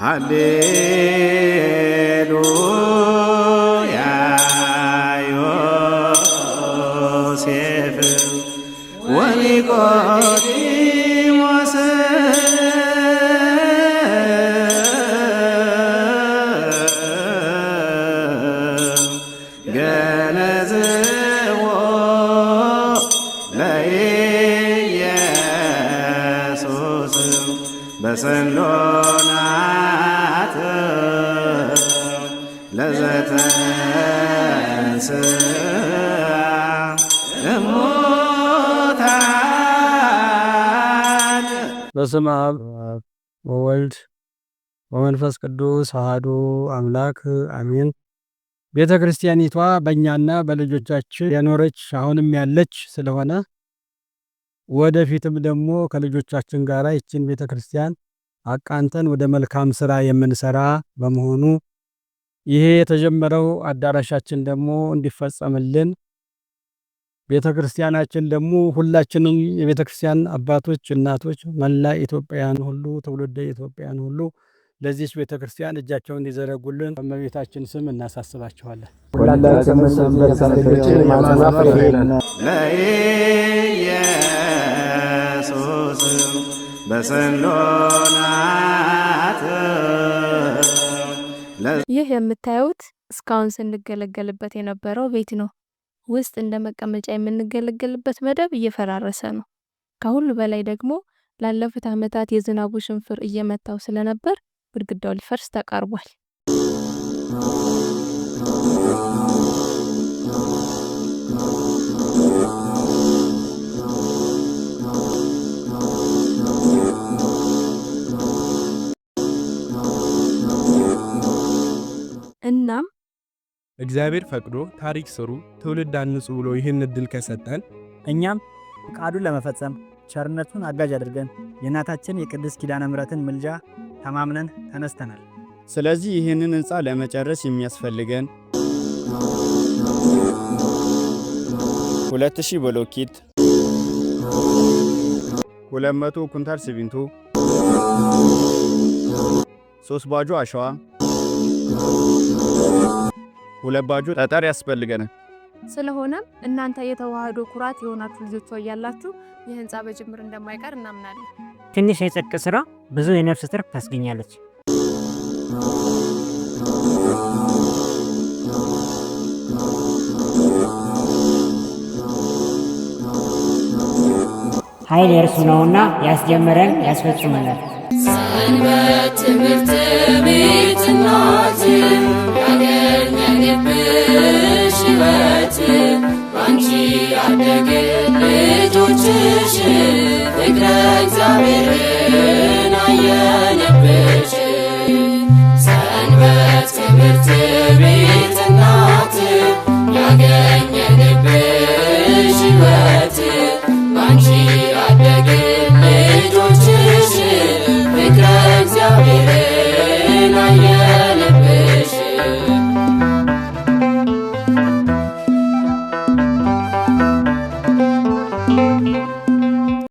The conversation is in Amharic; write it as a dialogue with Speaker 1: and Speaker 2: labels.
Speaker 1: ሃሌሉያ በስሎናት ለዘተንስ እሙታን
Speaker 2: በስመ አብ ወወልድ ወመንፈስ ቅዱስ አሐዱ አምላክ አሜን። ቤተ ክርስቲያኒቷ በእኛና በልጆቻችን የኖረች አሁንም ያለች ስለሆነ ወደፊትም ደግሞ ከልጆቻችን ጋር ይችን ቤተ ክርስቲያን አቃንተን ወደ መልካም ስራ የምንሰራ በመሆኑ ይሄ የተጀመረው አዳራሻችን ደግሞ እንዲፈጸምልን ቤተ ክርስቲያናችን ደግሞ ሁላችንም የቤተ ክርስቲያን አባቶች፣ እናቶች፣ መላ ኢትዮጵያን ሁሉ ትውልደ ኢትዮጵያን ሁሉ ለዚች ቤተ ክርስቲያን እጃቸውን እንዲዘረጉልን በእመቤታችን ስም እናሳስባቸዋለን።
Speaker 3: ሁላችንም
Speaker 1: ኢየሱስ
Speaker 4: ይህ የምታዩት እስካሁን ስንገለገልበት የነበረው ቤት ነው። ውስጥ እንደ መቀመጫ የምንገለገልበት መደብ እየፈራረሰ ነው። ከሁሉ በላይ ደግሞ ላለፉት ዓመታት የዝናቡ ሽንፍር እየመታው ስለነበር ግድግዳው ሊፈርስ ተቃርቧል። እናም
Speaker 5: እግዚአብሔር ፈቅዶ ታሪክ ስሩ፣ ትውልድ አንጹ ብሎ ይህን እድል ከሰጠን
Speaker 6: እኛም ፍቃዱን ለመፈጸም ቸርነቱን አጋዥ አድርገን የእናታችን የቅድስት ኪዳነ ምሕረትን ምልጃ ተማምነን ተነስተናል።
Speaker 5: ስለዚህ ይህንን ሕንፃ ለመጨረስ የሚያስፈልገን 2000 ብሎኬት፣ 200 ኩንታል ሲሚንቶ፣ 3 ባጆ አሸዋ ሁለት ጠጠር ያስፈልገናል።
Speaker 4: ስለሆነም እናንተ የተዋህዶ ኩራት የሆናችሁ ልጆች እያላችሁ የህንፃ በጅምር እንደማይቀር እናምናለን።
Speaker 6: ትንሽ የጽድቅ ስራ ብዙ የነፍስ ትርፍ ታስገኛለች።
Speaker 7: ኃይል የእርሱ ነውና ያስጀመረን ያስፈጽመናል። ሰንበት ትምህርት ቤት እናት ያገኘንብሽ ሕይወት ባንቺ ያደግን ልጆችሽ ፍቅረ እግዚአብሔር